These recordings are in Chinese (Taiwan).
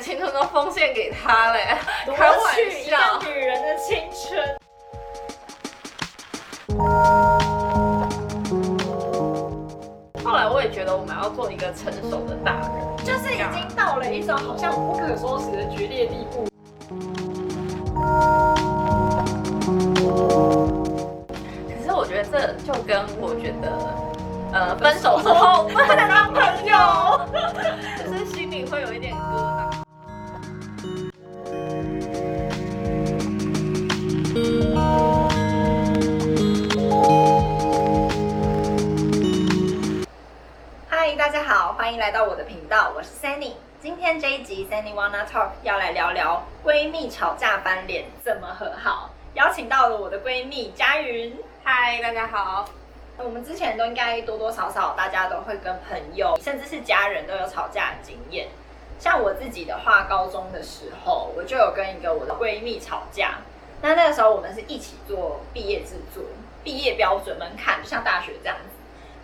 青春都奉獻給他嘞，開玩笑，奪去一個女人的青春。後來我也覺得我們要做一個成熟的大人，就是已經到了一種樣好像不可收拾的決裂地步。可是我覺得這就跟我覺得，呃、分手之後，我說不能當朋友。歡迎來到我的頻道，我是 Sanni。今天這一集 Sanni Wanna Talk 要來聊聊閨蜜吵架翻臉怎麼和好，邀請到了我的閨蜜佳昀。嗨，大家好。我們之前都應該多多少少大家都會跟朋友甚至是家人都有吵架的經驗。像我自己的話，高中的時候我就有跟一個我的閨蜜吵架。那那個時候我們是一起做畢業制作，畢業標準門檻就像大學這樣。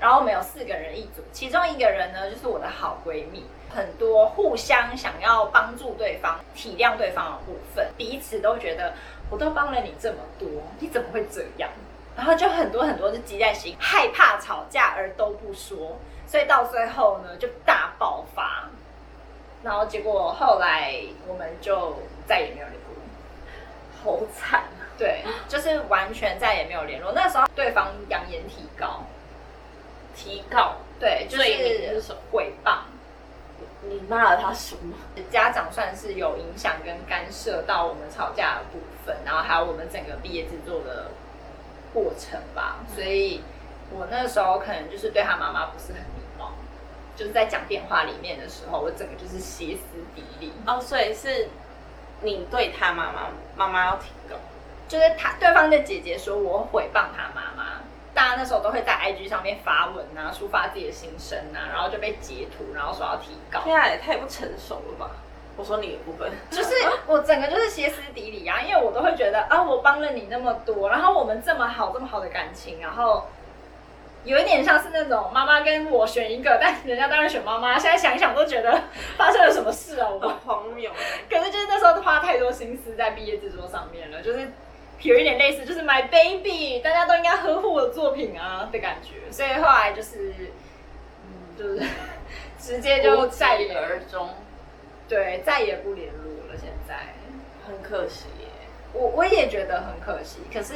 然後我們有四個人一組，其中一個人呢就是我的好閨蜜，很多互相想要幫助對方、體諒對方的部分，彼此都覺得我都幫了你這麼多，你怎麼會這樣？然後就很多很多就積在心，害怕吵架而都不說，所以到最後呢就大爆發，然後結果後來我們就再也沒有聯絡，好慘。對，就是完全再也沒有聯絡。那時候對方揚言提高。提告對，所以就是毀謗。你罵了他什麼？家長算是有影響跟干涉到我們吵架的部分，然後還有我們整個畢業製作的過程吧。所以我那時候可能就是對他媽媽不是很禮貌，就是在講電話裡面的時候，我整個就是歇斯底里。哦，所以是你對他媽媽，媽媽要提告，就是他對方的姐姐說我毀謗他媽媽。大家那時候都會在 IG 上面發文啊，抒發自己的心聲、啊、然後就被截圖，然後說要提高，現在、啊、也太不成熟了吧！我說你也不笨，就是我整個就是歇斯底里啊，因為我都會覺得啊，我幫了你那麼多，然後我們這麼好，這麼好的感情，然後有一點像是那種媽媽跟我選一個，但人家當然選媽媽。現在想一想都覺得發生了什麼事啊，很荒謬。可是就是那時候花太多心思在畢業製作上面了，就是。有一點類似，就是 My Baby，大家都應該呵護我的作品啊的感覺，所以後來就是，嗯，就是直接就無疾而終，對，再也不聯絡了。現在很可惜，我我也覺得很可惜。可是，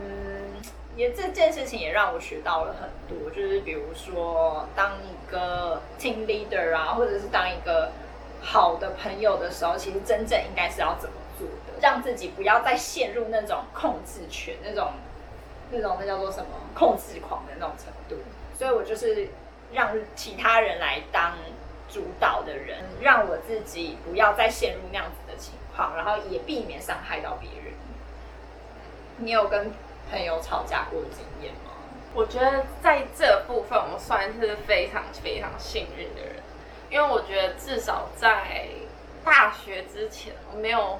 嗯，也這件事情也讓我學到了很多，就是比如說，當一個 team leader 啊，或者是當一個好的朋友的時候，其實真正應該是要怎麼。讓自己不要再陷入那種控制權、那種、那種那叫做什麼控制狂的那種程度，所以我就是讓其他人來當主導的人，讓我自己不要再陷入那樣子的情況，然後也避免傷害到別人。你有跟朋友吵架過經驗嗎？我覺得在這部分我算是非常非常幸運的人，因為我覺得至少在大學之前我沒有。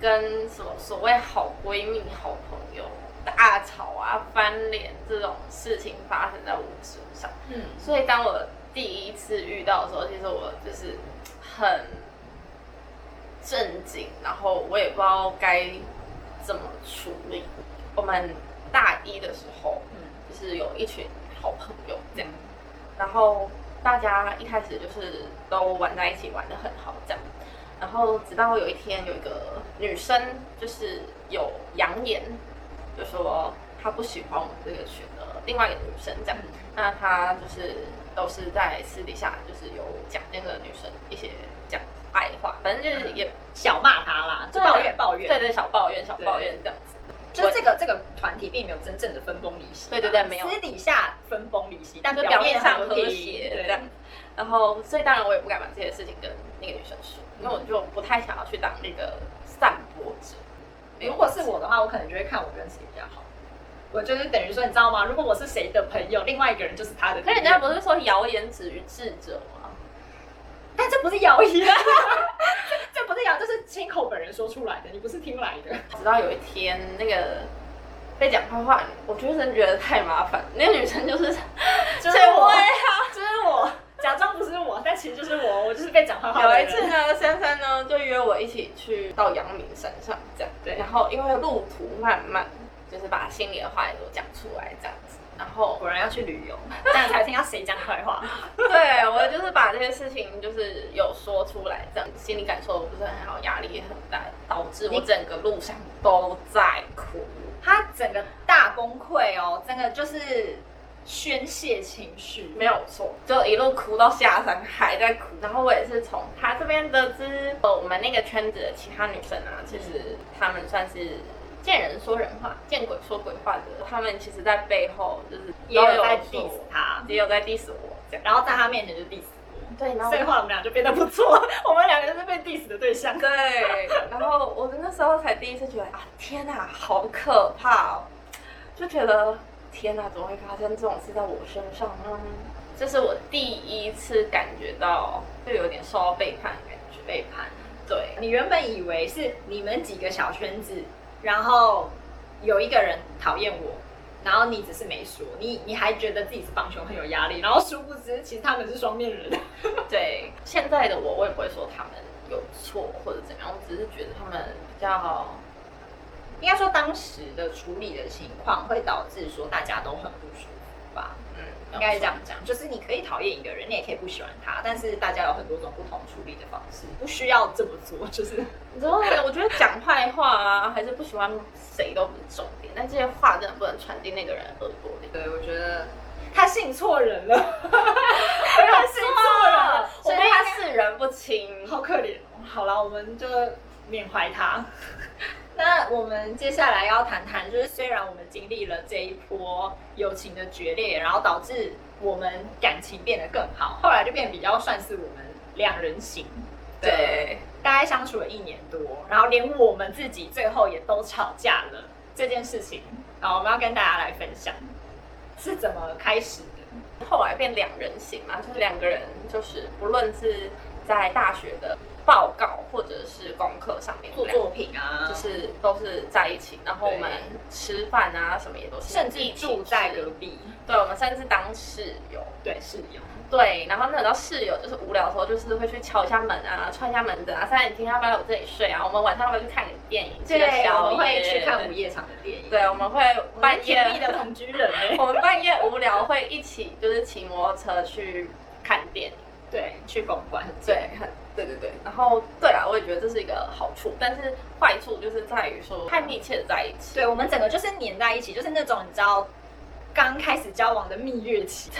跟什麼所謂好閨蜜、好朋友大吵啊、翻臉這種事情發生在我身上，嗯，所以當我第一次遇到的時候，其實我就是很震驚，然後我也不知道該怎麼處理。我們大一的時候，嗯，就是有一群好朋友這樣，然後大家一開始就是都玩在一起，玩得很好這樣。然後直到有一天，有一個女生就是有揚言，就說她不喜歡我們這個群的另外一個女生這樣。嗯、那她就是都是在私底下就是有講那個女生一些講壞話，反正就是也小罵她啦，抱怨抱怨，對對，小抱怨小抱怨這樣子。對就這個以這個團體並沒有真正的分崩離析，對，對對對，沒有私底下分崩離析，但是表面上可以。對，對，對然後，所以當然我也不敢把這些事情跟那個女生說，嗯、因為我就不太想要去當那個散播者。如果是我的話，我可能就會看我跟誰比較好。我就是等於說，你知道嗎？如果我是誰的朋友，另外一個人就是他的。可你人家不是說謠言止於智者嗎？但這不是謠言，這不是謠，這、就是親口本人說出來的，你不是聽來的。直到有一天，那個被講壞話，話，我覺得真的覺得太麻煩。那個女生就是追 我，追 我。 假裝不是我，但其實就是我，我就是被講壞話。有一次呢，珊珊呢就約我一起去到陽明山上，這樣對。然後因為路途漫漫，就是把心裡的話也都講出來，這樣子。然後果然要去旅遊，這樣才聽到誰講壞話。 對，我就是把這些事情就是有說出來這樣子，心理感受不是很好，壓力也很大，導致我整個路上都在哭。你他整個大崩潰哦，整個就是。宣洩情緒沒有錯，就一路哭到下山還在哭。然後我也是從他這邊得知，呃，我們那個圈子的其他女生啊，其實她們算是見人說人話，見鬼說鬼話的。她們其實，在背後就是也有在 diss 他，也有在 diss 我，這樣。然後在他面前就 diss 我。對，然後所以話我們倆就變得不錯，我們兩個是被 diss 的對象。對，然後我那時候才第一次覺得啊，天哪，好可怕哦，就覺得。天吶、啊，怎麼會發生這種事在我身上呢？這是我第一次感覺到，就有點受到背叛的感覺。背叛，對，你原本以為是你們幾個小圈子，然後有一個人討厭我，然後你只是沒說，你你還覺得自己是幫兇很有壓力，嗯、然後殊不知其實他們是雙面人。 對，現在的我，我也不會說他們有錯或者怎樣，我只是覺得他們比較好。應該說當時的處理的情況會導致說大家都很不舒服吧？嗯，應該是這樣講，嗯、就是你可以討厭一個人，你也可以不喜歡他，但是大家有很多種不同處理的方式，不需要這麼做。就是，對， 對，我覺得講壞話啊，還是不喜歡誰都不是重點，但這些話真的不能傳遞那個人的耳朵裡。對，我覺得他信錯人了， 哎、呀他信錯了，所以他識人不清，好可憐。好了，我們就緬懷他。那我們接下來要談談，就是雖然我們經歷了這一波友情的決裂，然後導致我們感情變得更好，後來就變比較算是我們兩人行。對，對大概相處了一年多，然後連我們自己最後也都吵架了這件事情，然後我們要跟大家來分享是怎麼開始的。後來變兩人行嘛，就是兩個人，就是不論是在大學的報告。或者是功課上面做作品啊，就是都是在一起，然後我們吃飯啊什麼也都是，甚至住在隔壁，對，我們甚至當室友，對室友，對，然後那等到室友就是無聊的時候，就是會去敲一下門啊，串一下門子啊，三二一，天要不要我這裡睡啊？我們晚上會去看電影，對，我們會去看午夜場的電影，對，我們會半夜的同居人，我們半夜無聊會一起就是騎摩托車去看電影，對，去公館，對，很。對對對，然後對啊，我也覺得這是一個好處，但是壞處就是在於說太密切的在一起，對，我們整個就是黏在一起，就是那種你知道剛開始交往的蜜月期，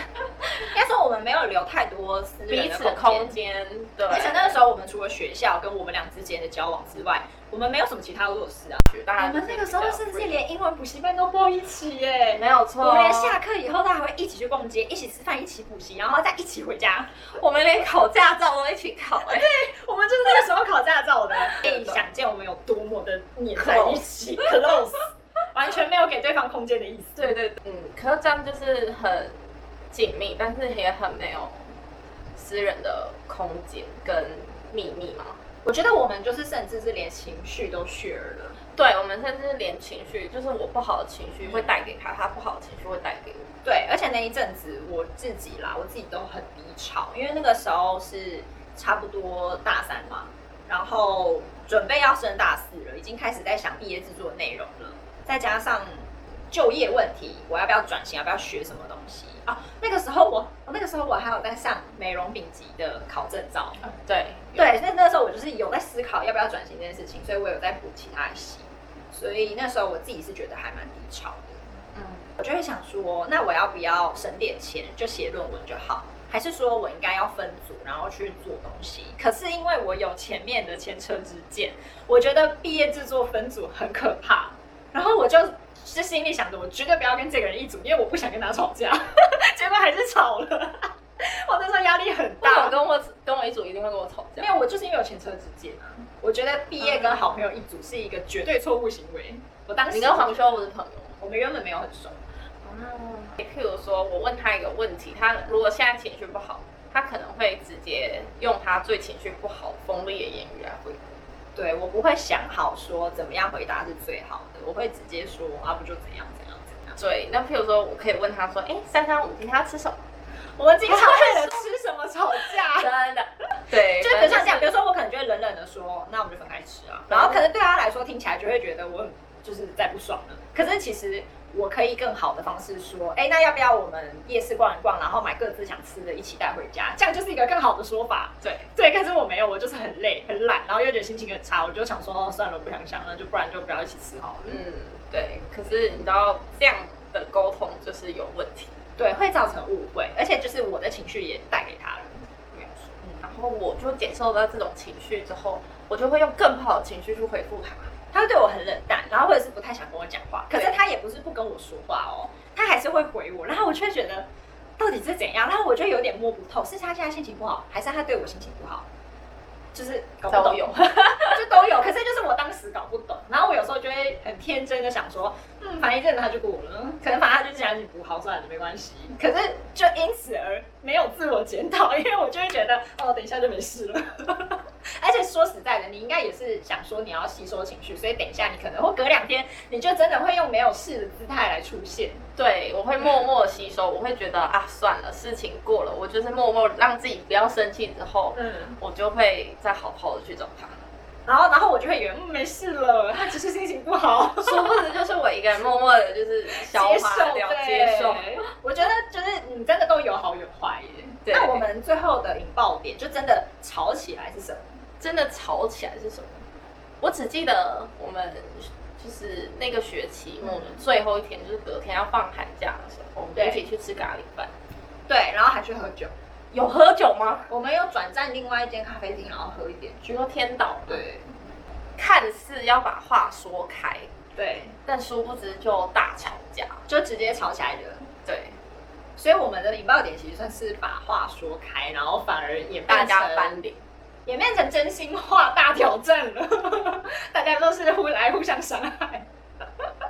應 該說我們沒有留太多彼此的空間，對，而且那個時候我們除了學校跟我們倆之間的交往之外。我們沒有什麼其他的事啊，我我們那個時候甚至是連英文補習班都報一起耶、欸。沒有錯，我們連下課以後，大家還會一起去逛街，一起吃飯，一起補習，然後再一起回家。 我們連考駕照都一起考哎、欸。對，我們就是那個時候考駕照的。可以想見我們有多麼的黏在一起，close，完全沒有給對方空間的意思。對對，對，對，對，嗯，可是這樣就是很緊密，但是也很沒有私人的空間跟秘密嘛。我覺得我們就是，甚至是連情緒都 share 了。對，我們甚至是連情緒，就是我不好的情緒會帶給他，他不好的情緒會帶給我。對，而且那一陣子我自己啦，我自己都很低潮，因為那個時候是差不多大三嘛，然後準備要升大四了，已經開始在想畢業制作內容了，再加上就業問題，我要不要轉型，要不要學什麼東西啊、哦，那個時候我，那個時候我還有在上美容丙級的考證照，嗯、對。對，那那時候我就是有在思考要不要轉型這件事情，所以我有在補其他的戲，所以那時候我自己是覺得還蠻低潮的。嗯，我就會想說，那我要不要省點錢就寫論文就好，還是說我應該要分組然後去做東西？可是因為我有前面的前車之鑒，我覺得畢業製作分組很可怕，然後我就是心裡想着我絕對不要跟這個人一組，因為我不想跟他吵架，結果還是吵了。 我那時候壓力很大，跟我跟我一組一定會跟我吵架。因為 我就是因為有前車之鑑啊。 我覺得畢業跟好朋友一組是一個絕對錯誤行為。 我當時， 你跟黃修不是朋友， 我們原本沒有很熟。哦、嗯。譬如說，我問他一個問題，他如果現在情緒不好，他可能會直接用他最情緒不好、鋒利的言語來回。 對我不會想好說怎麼樣回答是最好的，我會直接說，要、啊、不就怎樣怎樣怎樣。怎樣。對，那譬如說，我可以問他說，哎、欸，珊珊，我今天要吃什麼？我們經常為了吃什麼吵架， 真的。對，就比如像這樣，就是、比如說我可能就會冷冷的說，那我們就分開吃啊。然後可能對他來說聽起來就會覺得我很就是在不爽了。可是其實我可以更好的方式說，哎，那要不要我們夜市逛一逛，然後買各自想吃的一起帶回家？這樣就是一個更好的說法。對，對。可是我沒有，我就是很累很懶，然後又覺得心情很差，我就想說、哦、算了，我不想想了，那就不然就不要一起吃好了。嗯，對。可是你知道這樣。溝通就是有問題，對，會造成誤會，而且就是我的情緒也帶給他了，嗯，然後我就感受到這種情緒之後，我就會用更不好的情緒去回復他，他會對我很冷淡，然後或者是不太想跟我講話，對可是他也不是不跟我說話哦，他還是會回我，然後我卻覺得到底是怎樣，然後我就有點摸不透，是他現在心情不好，還是他對我心情不好，就是搞不懂有。 就都有，可是就是我當時搞不懂，然後我有時候就會很天真的想說，嗯，反正一陣子他就過了，可能反正他就這樣子不好算了，沒關係。可是就因此而沒有自我檢討，因為我就會覺得，哦，等一下就沒事了。 而且說實在的，你應該也是想說你要吸收情緒，所以等一下你可能會隔兩天，你就真的會用沒有事的姿態來出現。對，我會默默吸收，嗯、我會覺得啊，算了，事情過了，我就是默默讓自己不要生氣之後，嗯，我就會再好好的去找他。然後，然後我就會以為、嗯、沒事了，他只是心情不好， 殊不知就是我一個人默默的，就是接受，接受對。我覺得就是你真的都有好有壞耶。嗯、對那我們最後的引爆點，就真的吵起來是什麼？真的吵起來是什麼？我只記得我們就是那個學期末的最後一天，就是隔天要放寒假的時候，我們一起去吃咖喱飯，對，然後還去喝酒。有喝酒嗎？我們有轉戰另外一間咖啡廳，然後喝一點。據說天島對，看似要把話說開，對，但殊不知就大吵架，就直接吵起來了。對，嗯、所以我們的引爆點其實算是把話說開，然後反而也大家翻臉，演變成真心話大挑戰了。 大家都是互來互相傷害。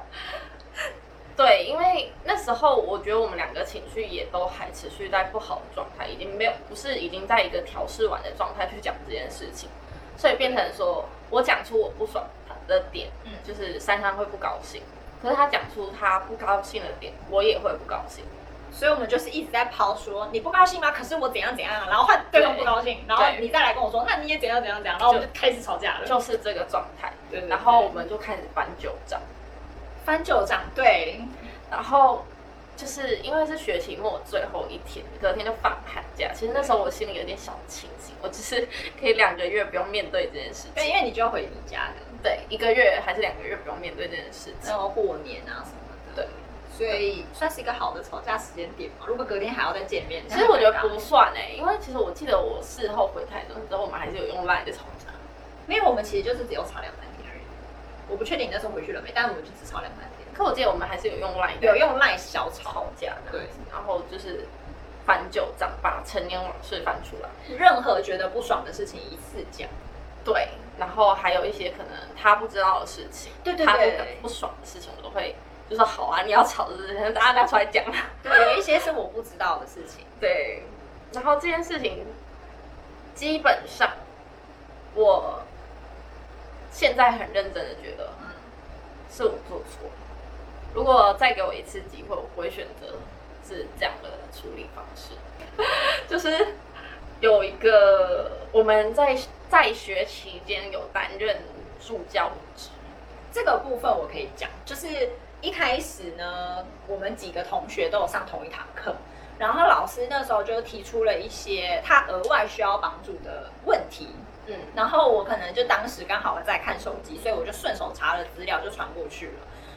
對，因為那時候我覺得我們兩個情緒也都還持續在不好的狀態，已經沒有不是已經在一個調試完的狀態去講這件事情，所以變成說我講出我不爽的點，嗯，就是珊珊會不高興，可是他講出他不高興的點，我也會不高興，所以我們就是一直在拋說你不高興嗎？可是我怎樣怎樣啊，然後換對方對不高興，然後你再來跟我說，對那你也怎樣怎樣怎樣，然後我們就開始吵架了，就是這個狀態，對，對，對，然後我們就開始翻舊賬。翻舊賬對，嗯、然後就是因為是學期末最後一天，隔天就放寒假。其實那時候我心裡有點小慶幸，我只是可以兩個月不用面對這件事情。對，因為你就要回你家了。對，一個月還是兩個月不用面對這件事情。然後過年啊什麼的，對所以對算是一個好的吵架時間點嘛。如果隔天還要再見面，嗯、其實我覺得不算哎、欸，因為其實我記得我事後回台南之後，我們還是有用賴的吵架，因為我們其實就是只有吵兩三我不確定你那時候回去了沒，但是我們就只吵兩三天，可我記得我們還是有用賴，有用賴小吵架的。對然後就是翻舊賬，把陳年往事翻出來，嗯、任何覺得不爽的事情一次講。對，然後還有一些可能他不知道的事情，對對對，他不爽的事情我都會就是說好啊，你要吵這些，大家拿出來講。 對，有一些是我不知道的事情。對，然後這件事情基本上我。現在很認真的覺得，嗯，是我做錯，如果再給我一次機會，我不會選擇是這樣的處理方式。就是有一個我們在在學期間有擔任助教，這個部分我可以講，就是一開始呢，我們幾個同學都有上同一堂課，然後老師那時候就提出了一些他額外需要幫助的問題。嗯，然後我可能就當時剛好在看手機，所以我就順手查了資料就傳過去了。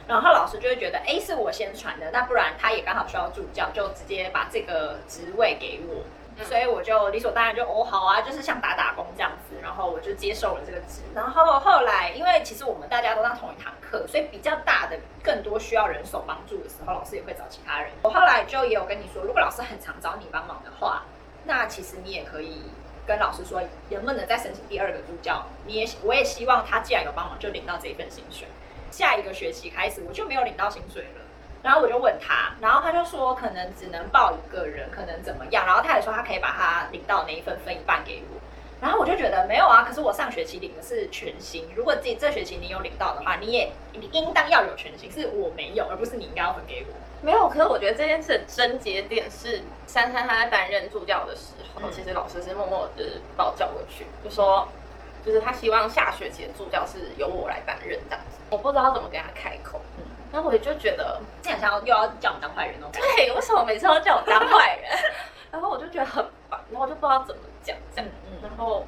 然後老師就會覺得，誒、欸，是我先傳的，那不然他也剛好需要助教，就直接把這個職位給我，嗯、所以我就理所當然就哦好啊，就是像打打工這樣子，然後我就接受了這個職。然後後來，因為其實我們大家都在同一堂課，所以比較大的、更多需要人手幫助的時候，老師也會找其他人。我後來就也有跟你說，如果老師很常找你幫忙的話，那其實你也可以。跟老師說能不能再申請第二個助教？你也，我也希望他既然有幫忙，就領到這一份薪水。下一個學期開始，我就沒有領到薪水了。然後我就問他，然後他就說可能只能報一個人，可能怎麼樣？然後他也說他可以把他領到那一份分一半給我。然後我就覺得沒有啊，可是我上學期領的是全薪。如果自己這學期你有領到的話，你也你應當要有全薪。是我沒有，而不是你應該要分給我。沒有，可是我覺得這件事的癥結點是珊珊她在擔任助教的時候，嗯、其實老師是默默的把我叫過去，就說，嗯、就是他希望下學期的助教是由我來擔任這樣子。我不知道怎麼跟他開口，嗯，然後我就覺得，這樣想要又要叫我當壞人哦，對，為什麼每次都叫我當壞人？ 然後我就覺得很煩，然後就不知道怎麼講這樣，嗯、然後。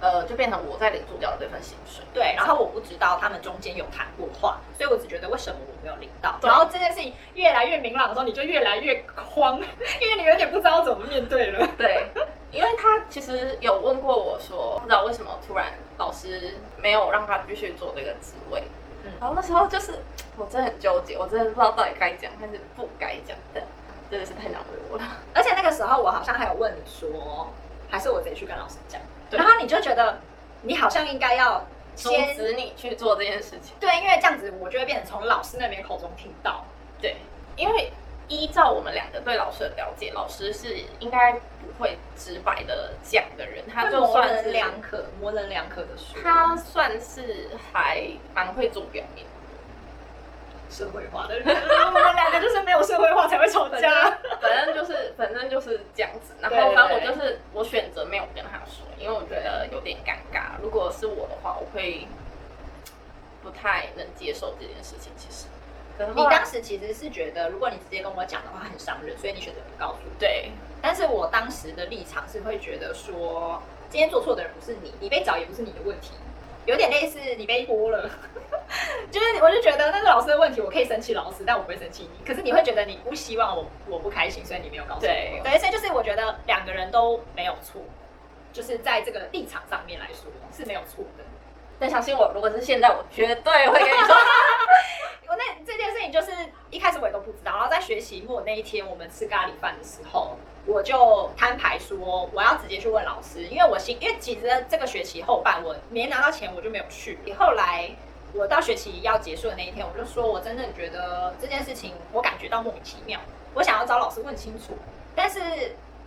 呃，就變成我在領助教的這份薪水。對，然後我不知道他們中間有談過話，所以我只覺得為什麼我沒有領到。對然後這件事情越來越明朗的時候，你就越來越慌，因為你有點不知道怎麼面對了。對，因為他其實有問過我說，不知道為什麼突然老師沒有讓他繼續做這個職位。嗯，然後那時候就是我真的很糾結，我真的不知道到底該講但是不該講的，真的是太難為我了。而且那個時候我好像還有問你說，還是我自己去跟老師講？對然後你就覺得，你好像應該要阻止你去做這件事情。對，因為這樣子我就會變成從老師那邊口中聽到。對，因為依照我們兩個對老師的了解，老師是應該不會直白的講的人，對他就模稜兩可，模稜兩可的說。他算是還蠻會做表面的。社會化的人， 我們兩個就是沒有社會化才會吵架。反正 就是反正就是這樣子。然後，反正我就是我選擇沒有跟他說，因為我覺得有點尷尬。如果是我的話，我會不太能接受這件事情。其實，你當時其實是覺得，如果你直接跟我講的話，很傷人，所以你選擇不告訴。對，但是我當時的立場是會覺得說，今天做錯的人不是你，你被找也不是你的問題。有點類似你背鍋了， 就是我就覺得那是老師的問題，我可以生氣老師，但我不會生氣你。可是你會覺得你不希望我我不開心，所以你沒有告訴我對。對，所以就是我覺得兩個人都沒有錯，就是在這個立場上面來說是沒有錯的。是是是但相信我，如果是現在，我絕對會跟你說， 我那這件事情就是一開始我也都不知道，然後在學習末那一天，我們吃咖喱飯的時候。我就攤牌說，我要直接去問老師，因為我心，因為其實這個學期後半我沒拿到錢，我就沒有去。以後來我到學期要結束的那一天，我就說，我真的覺得這件事情，我感覺到莫名其妙，我想要找老師問清楚。但是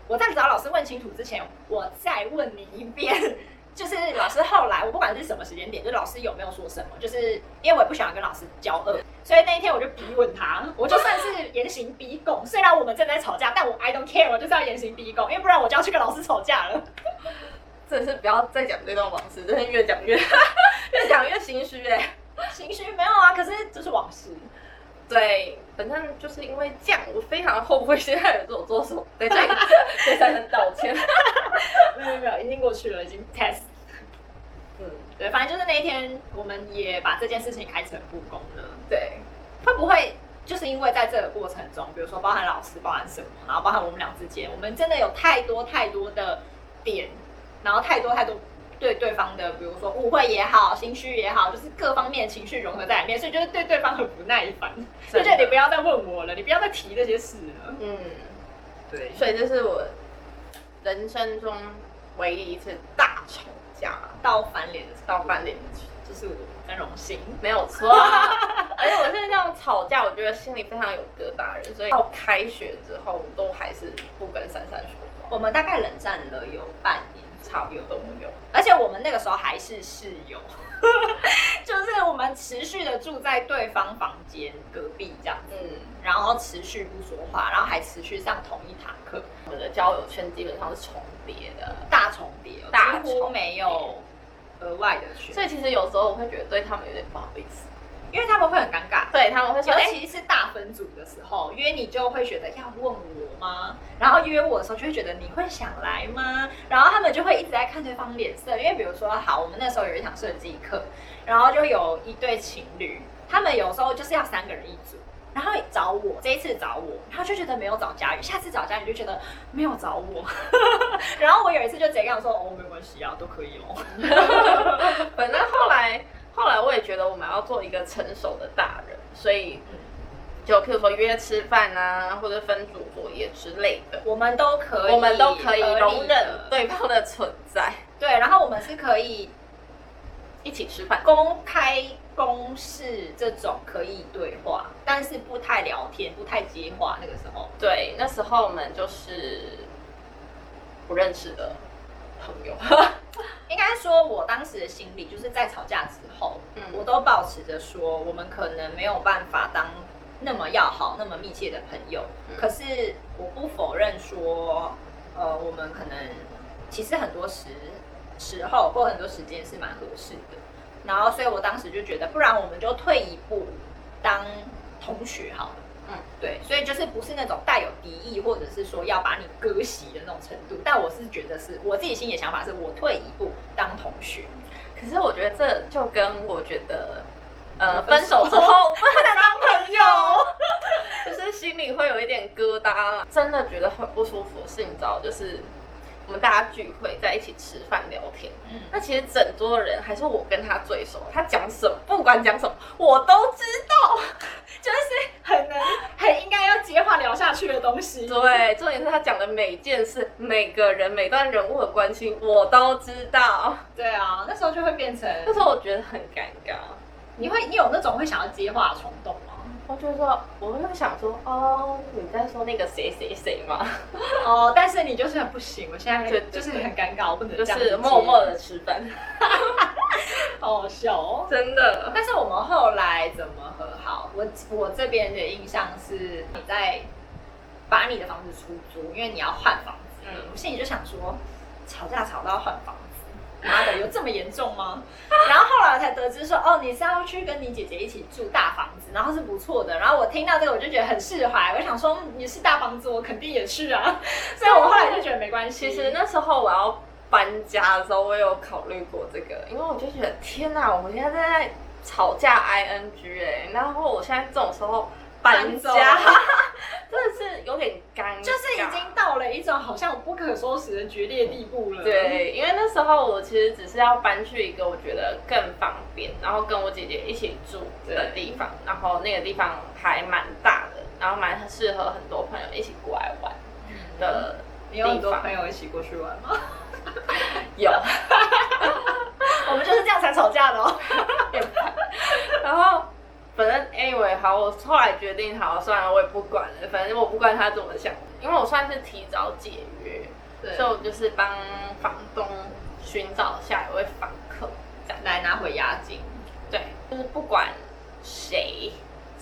我在找老師問清楚之前，我再問你一遍。就是老師後來，我不管是什麼時間點，就是、老師有沒有說什麼，就是因為我也不想要跟老師交惡，對所以那一天我就逼問他，我就算是嚴刑逼供。 雖然我們正在吵架，但我 I don't care，我就是要嚴刑逼供，因為不然我就要去跟老師吵架了。真的是不要再講這段往事，真的越講越 越講越心虛哎、欸，心虛沒有啊，可是這是往事。對，反正就是因為這樣，我非常後悔現在有做做錯，對對， 對對對，對才能道歉。 過去了，已經 test。嗯，對，反正就是那一天，我們也把這件事情開誠布公了。對，會不會就是因為在這個過程中，比如說包含老師，包含什麼，然後包含我們倆之間，我們真的有太多太多的點，然後太多太多對對方的，比如說誤會也好，心虛也好，就是各方面情緒融合在裡面，所以就是對對方很不耐煩，的就覺得你不要再問我了，你不要再提這些事了。嗯，對。所以這是我人生中唯一一次大吵架到翻臉到翻臉，就是我很榮幸，沒有錯。 而且我現在這樣吵架，我覺得心裡非常有疙瘩，人所以到開學之後我都還是不跟珊珊說話。我們大概冷戰了有半年，差不多都沒有。而且我們那個時候還是室友。 就是我們持續的住在對方房間隔壁這樣子，嗯，然後持續不說話，然後還持續上同一堂課，我的交友圈基本上是重疊的，大重疊，幾乎沒有額外的圈。所以其實有時候我會覺得對他們有點不好意思。因為他們會很尷尬，對他們會說，尤其是大分組的時候，為、哎、約你就會覺得要問我嗎？然後約我的時候就會覺得你會想來嗎？然後他們就會一直在看對方臉色，因為比如說，好，我們那時候有一堂設計課，然後就有一對情侶，他們有時候就是要三個人一組，然後找我這一次找我，然後就覺得沒有找佳昀，下次找佳昀就覺得沒有找我， 然後我有一次就直接跟說，哦，沒關係啊，都可以哦，反正後來。 後來我也覺得我們要做一個成熟的大人，所以就譬如說約吃飯啊，或者分組作業之類的，我們都可以，我們都可以容忍對方的存在。對，然後我們是可以一起吃飯，公開、公示這種可以對話，但是不太聊天，不太接話。那個時候，對，那時候我們就是不認識的朋友。 應該說，我當時的心理就是在吵架之後，嗯、我都保持着說，我們可能沒有辦法當那麼要好、那麼密切的朋友。嗯、可是我不否認說，呃，我們可能其實很多時時候或很多時間是蠻合適的。然後，所以我當時就覺得，不然我們就退一步，當同學好了。嗯，對，所以就是不是那種帶有敵意，或者是說要把你割席的那種程度，但我是覺得是我自己心裡的想法，是我退一步當同學。可是我覺得這就跟我覺得，呃，分手之後不能當朋友， 就是心裡會有一點疙瘩，真的覺得很不舒服。是，你知道，就是。我們大家聚會在一起吃飯聊天，嗯、那其實整桌的人還是我跟他最熟。他講什麼，不管講什麼，我都知道，就是很能、很應該要接話聊下去的東西。對，重點是他講的每件事、每個人、每段人物的關係，我都知道。對啊，那時候就會變成，那時候我覺得很尷尬，你會你有那種會想要接話的衝動。我就說，我就想說，哦，你在說那個誰誰誰嗎？ 哦，但是你就是很不行，我現在就是很尷尬，對對對，我不能這樣子。就是默默的吃飯， 好笑，哦，真的。但是我們後來怎麼和好？我我這邊的印象是你在把你的房子出租，因為你要換房子。嗯，我心裡就想說，吵架吵到換房子。媽的，有這麼嚴重嗎？ 然後後來我才得知說，哦，你是要去跟你姐姐一起住大房子，然後是不錯的。然後我聽到這個，我就覺得很釋懷。我想說，你是大房子，我肯定也是啊。所以我後來就覺得沒關係。 其實那時候我要搬家的時候，我有考慮過這個，因為我就覺得天哪，我們現在在吵架 ing 哎、欸，然後我現在這種時候。搬家 真的是有點尷尬，就是已經到了一種好像不可收拾的決裂的地步了。對，對，因為那時候我其實只是要搬去一個我覺得更方便，然後跟我姐姐一起住的地方，對然後那個地方還蠻大的，然後蠻適合很多朋友一起過來玩的地方。嗯，你有很多朋友一起過去玩嗎？ 有，我們就是這樣才吵架的哦。 然後。反正 anyway 好，我後來決定好算了，我也不管了。反正我不管他怎麼想，因為我算是提早解約，對所以我就是幫房東尋找下一位房客再來拿回押金。對，就是不管誰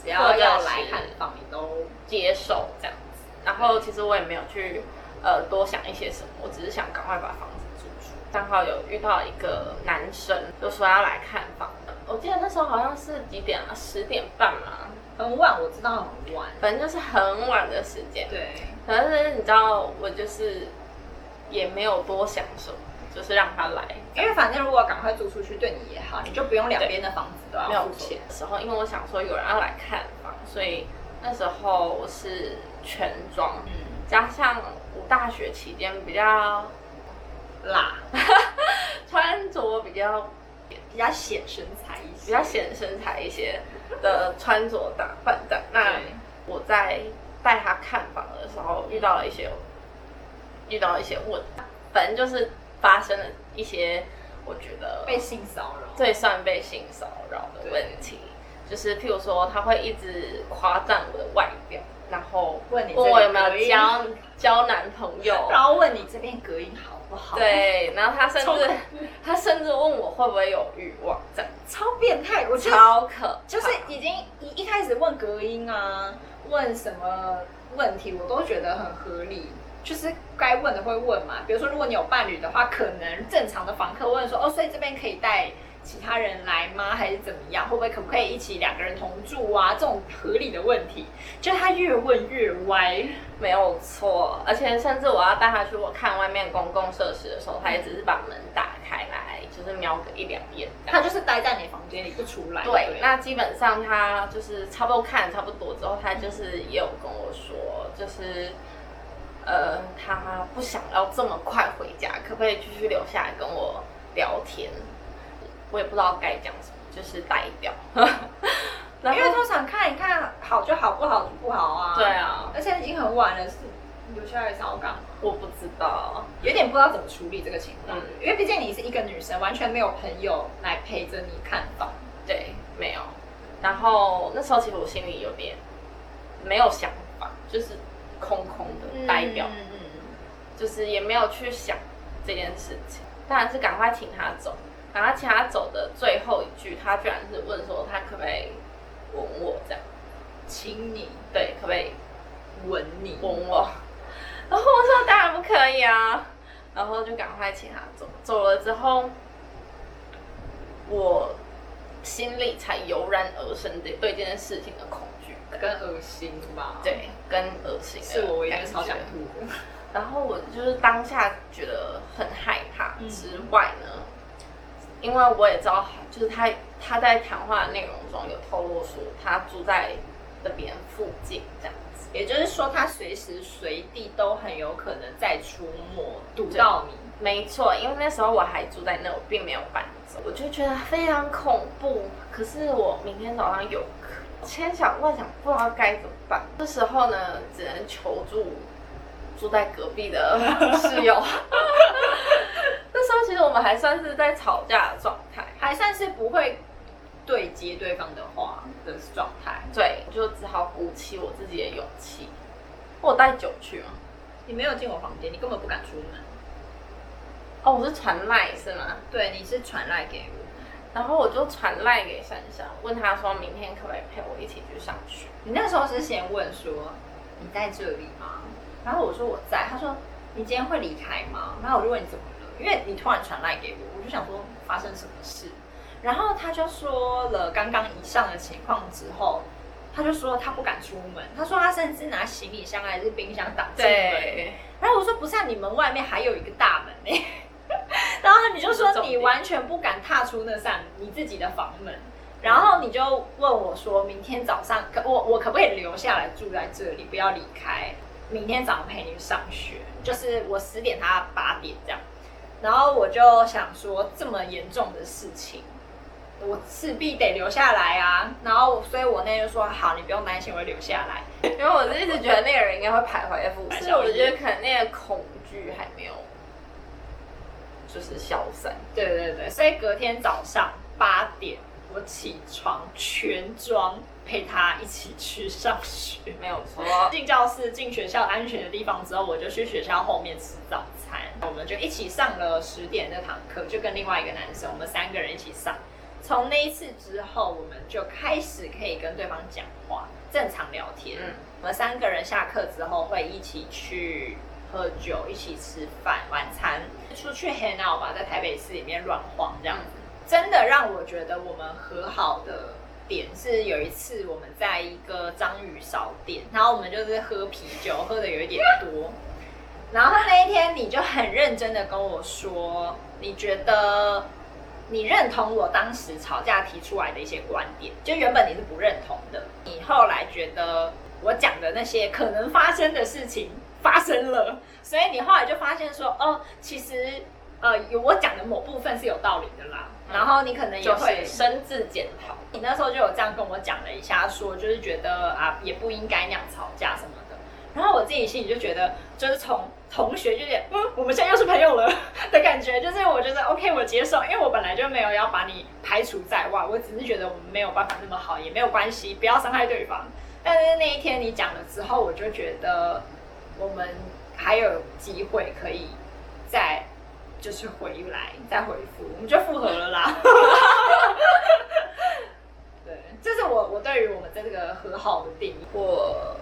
只要要來看房，你都接受這樣子。然後其實我也沒有去呃多想一些什麼，我只是想趕快把房子租出。剛好有遇到一個男生，就說要來看房。我記得那時候好像是幾點啊，十點半嘛、啊、很晚，我知道很晚，反正就是很晚的時間。對，可是你知道，我就是也沒有多享受，就是讓他來，因為反正如果趕快租出去，對你也好，你就不用兩邊的房子都要付錢的時候。因為我想說有人要來看房，所以那時候我是全裝，嗯、加上我大學期間比較辣， 穿着比較。比較顯身材一些，比較顯身材一些的穿着打扮的。 那我在帶他看房的時候遇到了一些，嗯、遇到了一些問題，反正就是發生了一些我覺得被性騷擾，最算被性騷擾的問題，就是譬如說他會一直誇讚我的外表，然後問你問我有沒有交交男朋友，然後問你這邊隔音好。對，然後他甚至，他甚至問我會不會有慾望，這樣超變態，我覺得超可、就是，就是已經一一，一開始問隔音啊，問什麼問題我都覺得很合理，就是該問的會問嘛，比如說如果你有伴侶的話，可能正常的房客問說，哦，所以這邊可以帶其他人來嗎？還是怎麼樣？會不會，可不可以一起兩個人同住啊？這種合理的問題，就他越問越歪，沒有錯。而且甚至我要帶他去我看外面公共設施的時候，他也只是把門打開來，就是瞄個一兩眼。他就是待在你房間裡不出來。對，對，那基本上他就是差不多看了差不多之後，他就是也有跟我說，就是呃，他不想要這麼快回家，可不可以繼續留下來跟我聊天？我也不知道該講什麼，就是呆掉。 後因為都想看一看，好就好，不好就不好啊。對啊，而且已經很晚了，是。留下來掃崗？我不知道，有點不知道怎麼處理這個情況，嗯，因為畢竟你是一個女生，完全沒有朋友來陪着你看到。對，沒有。然後那時候其實我心裡有點沒有想法，就是空空的呆掉。嗯嗯，就是也沒有去想這件事情，當然是趕快請他走。然後請他走的最後一句，他居然是問說他可不可以吻我這樣請你？對，可不可以吻你？吻我？然後我說當然不可以啊！然後就趕快請他走。走了之後，我心裡才油然而生的對這件事情的恐懼跟噁心吧？對，跟噁心。是我我也超想吐。的。 然後我就是當下覺得很害怕之外呢。嗯因為我也知道，就是他，他在談話的內容中有透露說，他住在那邊附近，這樣子，也就是說，他隨時隨地都很有可能再出沒，堵到你。沒錯，因為那時候我還住在那，我並沒有搬走，我就覺得非常恐怖。可是我明天早上有課，千想萬想不知道該怎麼辦。這時候呢，只能求助住在隔壁的室友。 那時候其實我們還算是在吵架的狀態，還算是不會對接對方的話的狀態，嗯、對，我就只好鼓起我自己的勇氣。我帶酒去了，你沒有進我房間，你根本不敢出門。哦，我是傳賴是嗎？對，你是傳賴給我，然後我就傳賴給珊珊，問他說明天可不可以陪我一起去上學。你那時候是先問說、嗯、你在這裡嗎？然後我說我在，他說你今天會離開嗎？然後我就問你怎麼？因為你突然傳賴給我，我就想說，發生什麼事，嗯、然後他就說了剛剛以上的情況之後，他就說他不敢出門，他說他甚至拿行李箱還是冰箱擋住門，對然後我說不是、啊，你們外面還有一個大門呢、欸。 然後你就說你完全不敢踏出那扇你自己的房門，嗯、然後你就問我說，明天早上可我我可不可以留下來住在這裡，不要離開，明天早上陪你上學，就是我十點，他八點這樣。然後我就想說，這麼嚴重的事情，我勢必得留下來啊。然後，所以我那天就說，好，你不用擔心，我會留下來， 因為我是一直覺得那個人應該會徘徊但是， 我覺得可能那個恐懼還沒有，就是消散。 對對對，所以隔天早上八點，我起床全妝。陪他一起去上學，沒有錯。進教室，進學校安全的地方之後，我就去學校後面吃早餐。我們就一起上了十點那堂課，就跟另外一個男生，我們三個人一起上。從那一次之後，我們就開始可以跟對方講話，正常聊天。嗯，我們三個人下課之後會一起去喝酒，一起吃飯、晚餐，出去 hang out 吧，在台北市裡面亂晃這樣子。嗯，真的讓我覺得我們和好的，是有一次我們在一個章魚燒店，然後我們就是喝啤酒，喝的有一點多。 然後那一天你就很認真的跟我說，你覺得你認同我當時吵架提出來的一些觀點，就原本你是不認同的，你後來覺得我講的那些可能發生的事情發生了，所以你後來就發現說，哦、呃，其實呃，有我講的某部分是有道理的啦。然後你可能也會深自檢討，就是、你那時候就有這樣跟我講了一下說，說就是覺得啊，也不應該那樣吵架什麼的。然後我自己心裡就覺得，就是從同學就是嗯，我們現在又是朋友了的感覺，就是我覺得 OK，我接受，因為我本來就沒有要把你排除在外，我只是覺得我們沒有辦法那麼好，也沒有關係，不要傷害對方。但是那一天你講了之後，我就覺得我們還有機會可以再。就是回來再回復，我們就復合了啦。 對，這、就是我我對於我們的這個和好的定義。我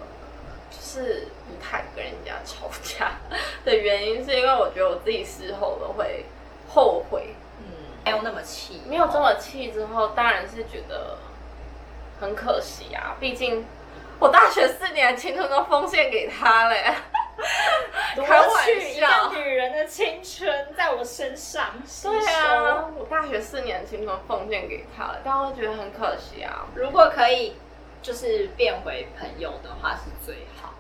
就是不太跟人家吵架的原因，是因為我覺得我自己事後都會後悔。嗯，沒有那麼氣、哦，沒有這麼氣之後，當然是覺得很可惜啊。畢竟。我大學四年青春都奉獻給他了，開 玩笑 多取一個女人的青春在我身上。對啊，我大學四年青春奉獻給他，但我都覺得很可惜啊。如果可以，就是變回朋友的話是最好。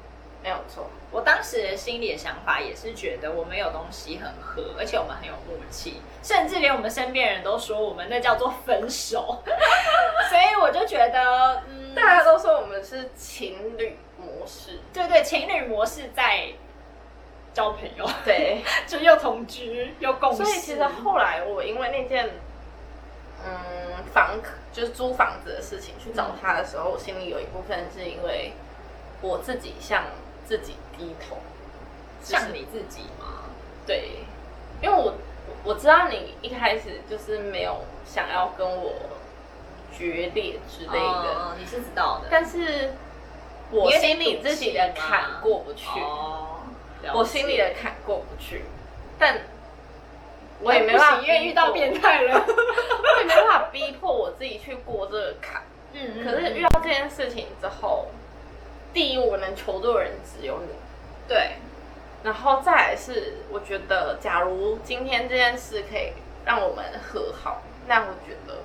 沒有錯，我當時的心裡的想法也是覺得我們有東西很合，而且我們很有默契，甚至連我們身邊人都說我們那叫做分手。 所以我就覺得，嗯、大家都說我們是情侶模式，對，對對，情侶模式在交朋友，對， 就又同居又共。所以其實後來我因為那件嗯，房就是租房子的事情去找他的時候，嗯、我心裡有一部分是因為我自己向自己低頭，向你自己嗎？就是嗯、對，因為我我知道你一開始就是沒有想要跟我。決裂之類的，oh, 你是知道的。但是我心裡自己的坎過不去，oh, 我心裡的坎過不去。但我也沒辦法我，因為遇到變態了，我也沒辦法逼迫我自己去過這個坎。嗯， 可是遇到這件事情之後，第一我能求助的人只有你，對。然後再來是，我覺得假如今天這件事可以讓我們和好，那我覺得。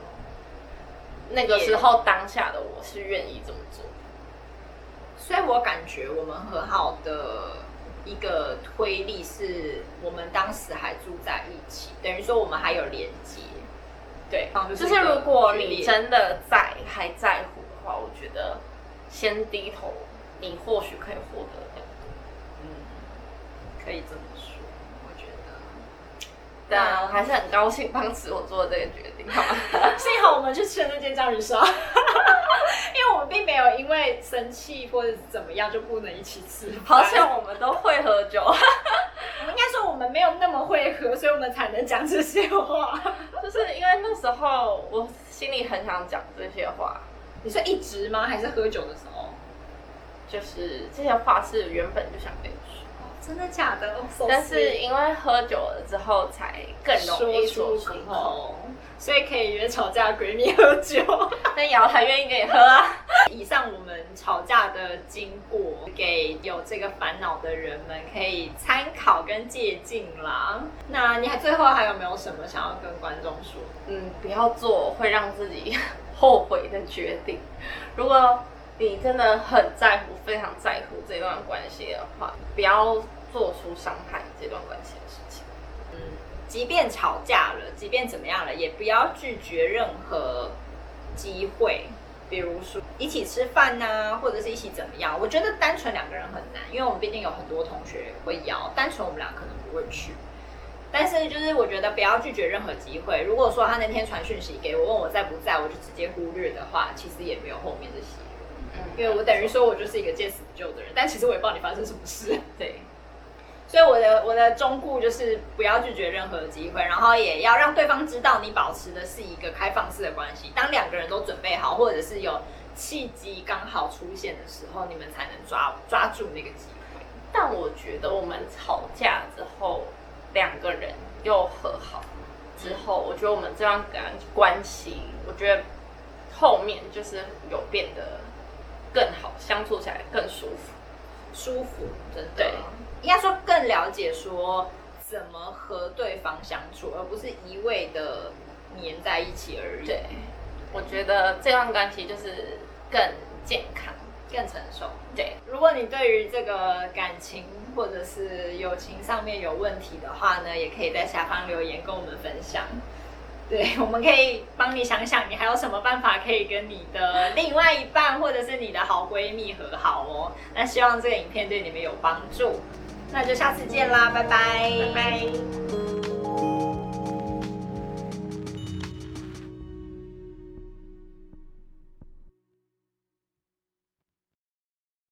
那個時候，當下的我是願意這麼做。Yeah. 所以，我感覺我們和好的一個推力是，我們當時還住在一起，等於說我們還有連接。嗯、對，就是如果你真的在還在乎的話，我覺得先低頭，你或許可以獲得更多。嗯，可以這麼。但、啊、我還是很高興當時我做了這個決定，好嗎？幸好我們去吃了那間章魚燒，因為我們並沒有因為生氣或者怎麼樣就不能一起吃，好像我們都會喝酒， 我們應該說我們沒有那麼會喝，所以我們才能講這些話。就是因為那時候我心裡很想講這些話。你說一直嗎？還是喝酒的時候？就是這些話是原本就想跟你真的假的？嗯，但是因為喝酒了之後才更容易說出口，說出口，所以可以約吵架閨蜜喝酒。但瑤還願意跟你喝啊？ 以上我們吵架的經過，給有這個煩惱的人們可以參考跟借鏡啦。那你還最後還有沒有什麼想要跟觀眾說？嗯，不要做會讓自己 後悔的決定。如果你真的很在乎，非常在乎這段關係的話，不要做出傷害這段關係的事情。嗯，即便吵架了，即便怎麼樣了，也不要拒絕任何機會，比如說一起吃飯吶、啊，或者是一起怎麼樣。我覺得單純兩個人很難，因為我們畢竟有很多同學會邀，單純我們倆可能不會去。但是就是我覺得不要拒絕任何機會。如果說他那天傳訊息給我，問我在不在，我就直接忽略的話，其實也沒有後面這些。因為我等於說，我就是一個見死不救的人，但其實我也不知道你發生什麼事。對，所以我的我的忠告就是不要拒絕任何機會，然後也要讓對方知道你保持的是一個開放式的關係。當兩個人都準備好，或者是有契機剛好出現的時候，你們才能抓抓住那個機會。但我覺得我們吵架之後，兩個人又和好之後，嗯、我覺得我們這段關係，我覺得後面就是有變得。更好，相處起來更舒服，舒服，真的。應該對說更了解說怎麼和對方相處，而不是一味的黏在一起而已。對我覺得這段關係就是更健康、更成熟。對，如果你對於這個感情或者是友情上面有問題的話呢，也可以在下方留言跟我們分享。對，我們可以幫你想想，你還有什麼辦法可以跟你的另外一半或者是你的好閨蜜和好哦。那希望這個影片對你們有幫助，那就下次見啦，拜拜，拜拜。